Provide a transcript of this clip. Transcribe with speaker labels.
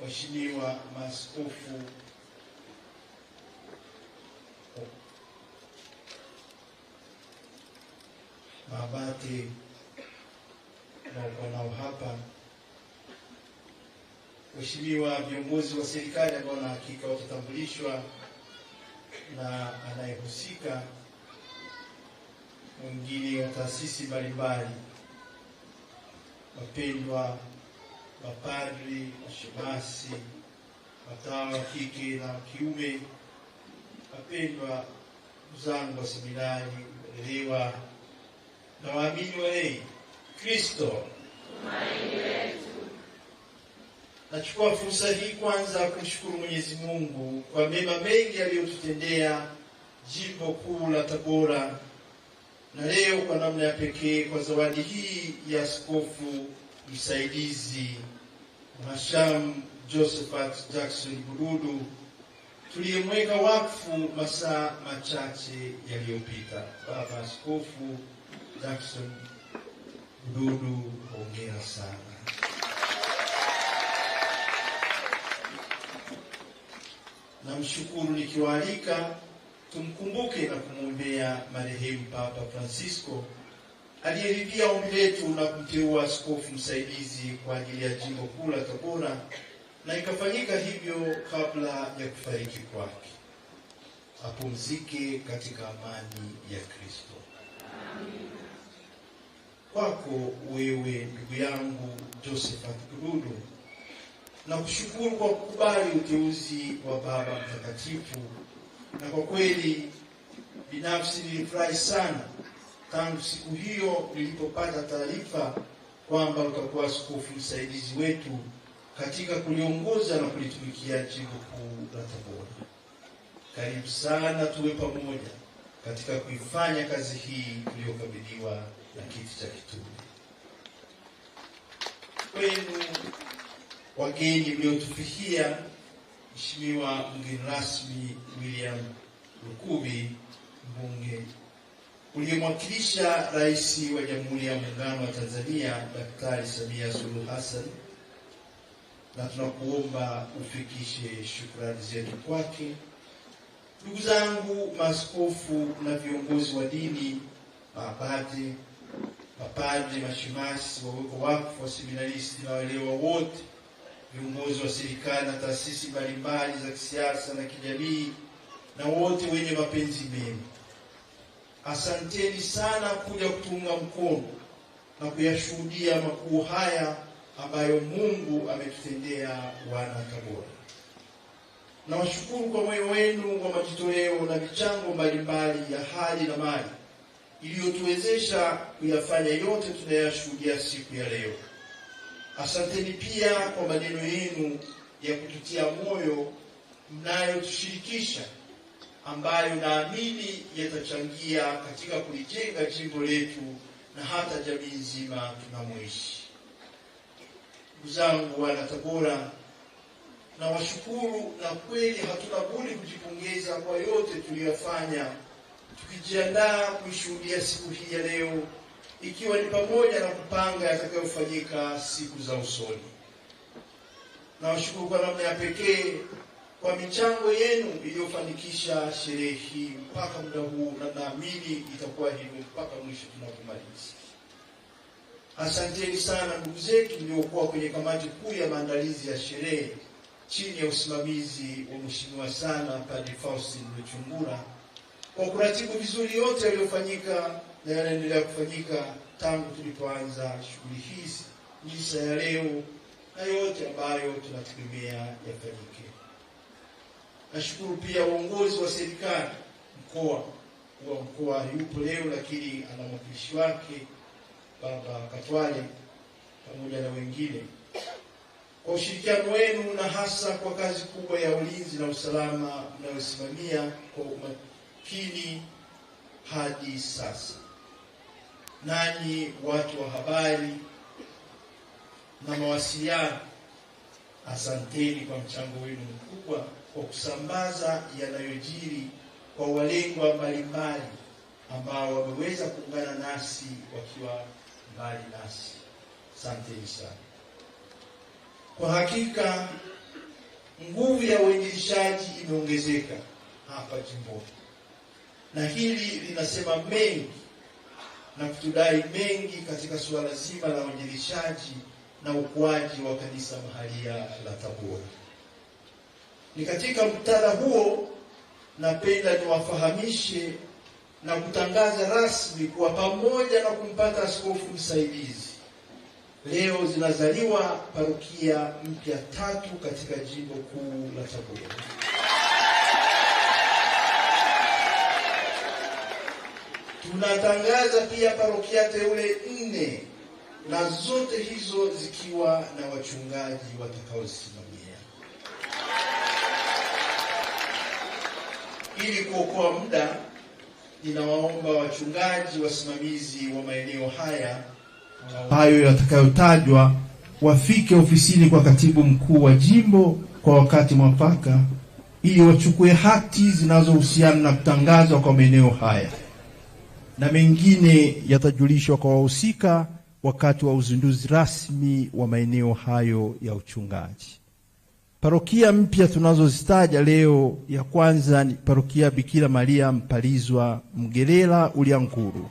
Speaker 1: waheshimiwa maaskofu mabate naokuwa nao hapa, waheshimiwa viongozi wa serikali ambao na hakika watatambulishwa na anayehusika, mwingine wa taasisi mbalimbali, wapendwa mapadri, mashemasi, watawa wa kike na kiume, wapendwa zangu seminari, waelewa na waamini walei, Kristo
Speaker 2: tumaini letu.
Speaker 1: Nachukua fursa hii kwanza kumshukuru Mwenyezi Mungu kwa mema mengi aliyotutendea jimbo kuu la Tabora, na leo kwa namna ya pekee kwa zawadi hii ya askofu msaidizi Masham Josephat Jackson Bududu tuliyemweka wakfu masaa machache yaliyopita. Baba Askofu Jackson Bududu, hongera sana. Namshukuru nikiwaalika tumkumbuke na kumwombea marehemu Papa Francisco aliyeridhia ombi letu na kumteua askofu msaidizi kwa ajili ya jimbo kuu la Tabora, na ikafanyika hivyo kabla ya kufariki kwake. Apumzike katika amani ya Kristo. Kwako wewe ndugu yangu Josephat Kududu, na kushukuru kwa kukubali uteuzi wa Baba Mtakatifu, na kwa kweli binafsi nilifurahi sana tangu siku hiyo nilipopata taarifa kwamba utakuwa askofu msaidizi wetu katika kuliongoza na kulitumikia jimbo kuu la Tabora. Karibu sana, tuwe pamoja katika kuifanya kazi hii tuliyokabidhiwa na kiti cha kitume. Kwenu wageni mliotufikia, Mheshimiwa mgeni rasmi William lukubi mbunge uliyemwakilisha Rais wa Jamhuri ya Muungano wa Tanzania Daktari Samia Suluhu Hassan, na tunakuomba ufikishe shukrani zetu kwake. Ndugu zangu maaskofu na viongozi wa dini, maabade, mapadri, mashimasi waweko wakfu, waseminaristi na walewa wote, viongozi wa serikali na taasisi mbalimbali za kisiasa na kijamii, na wote wenye mapenzi mema Asanteni sana kuja kutunga mkono na kuyashuhudia makuu haya ambayo Mungu ametutendea wana Tabora. Nawashukuru kwa moyo wenu kwa majitoleo na michango mbalimbali ya hali na mali iliyotuwezesha kuyafanya yote tunayashuhudia siku ya leo. Asanteni pia kwa maneno yenu ya kututia moyo mnayotushirikisha ambayo naamini yatachangia katika kulijenga jimbo letu na hata jamii nzima tunamoishi. Ndugu zangu wana Tabora, na washukuru na kweli, hatuna budi kujipongeza kwa yote tuliyofanya tukijiandaa kuishuhudia siku hii ya leo, ikiwa ni pamoja na kupanga yatakayofanyika siku za usoni. Nawashukuru kwa namna ya pekee kwa michango yenu iliyofanikisha sherehe hii mpaka muda huu, na naamini itakuwa hivyo mpaka mwisho tunapomaliza. Asanteni sana ndugu zetu mliokuwa kwenye kamati kuu ya maandalizi ya sherehe chini ya usimamizi wa mheshimiwa sana Padre Faustin Luchungura kwa kuratibu vizuri yote yaliyofanyika na yanaendelea kufanyika tangu tulipoanza shughuli hizi misa ya leo na yote ambayo tunategemea yafanyike. Nashukuru pia uongozi wa serikali mkoa wa mkoa yupo leo, lakini ana mwakilishi wake baba Katwale pamoja na wengine, kwa ushirikiano wenu na hasa kwa kazi kubwa ya ulinzi na usalama mnayosimamia kwa umakini hadi sasa. Nanyi watu wa habari na mawasiliano, asanteni kwa mchango wenu mkubwa kwa kusambaza yanayojiri kwa walengwa mbalimbali ambao wameweza kuungana nasi wakiwa mbali nasi. Asanteni sana. Kwa hakika nguvu ya uinjilishaji imeongezeka hapa jimboni, na hili linasema mengi na kutudai mengi katika suala zima la uinjilishaji na ukuaji wa kanisa mahalia la Tabora. Ni katika mtala huo napenda niwafahamishe na kutangaza rasmi kuwa pamoja na kumpata askofu msaidizi, leo zinazaliwa parokia mpya tatu katika jimbo kuu la Tabora. Tunatangaza pia parokia teule nne na zote hizo zikiwa na wachungaji watakaosimama Ili kuokoa muda, ninawaomba wachungaji wasimamizi wa maeneo haya
Speaker 3: hayo yatakayotajwa wafike ofisini kwa katibu mkuu wa jimbo kwa wakati mwafaka, ili wachukue hati zinazohusiana na kutangazwa kwa maeneo haya, na mengine yatajulishwa kwa wahusika wakati wa uzinduzi rasmi wa maeneo hayo ya uchungaji. Parokia mpya tunazozitaja leo, ya kwanza ni parokia Bikira Maria Mpalizwa Mgerela Uliankuru.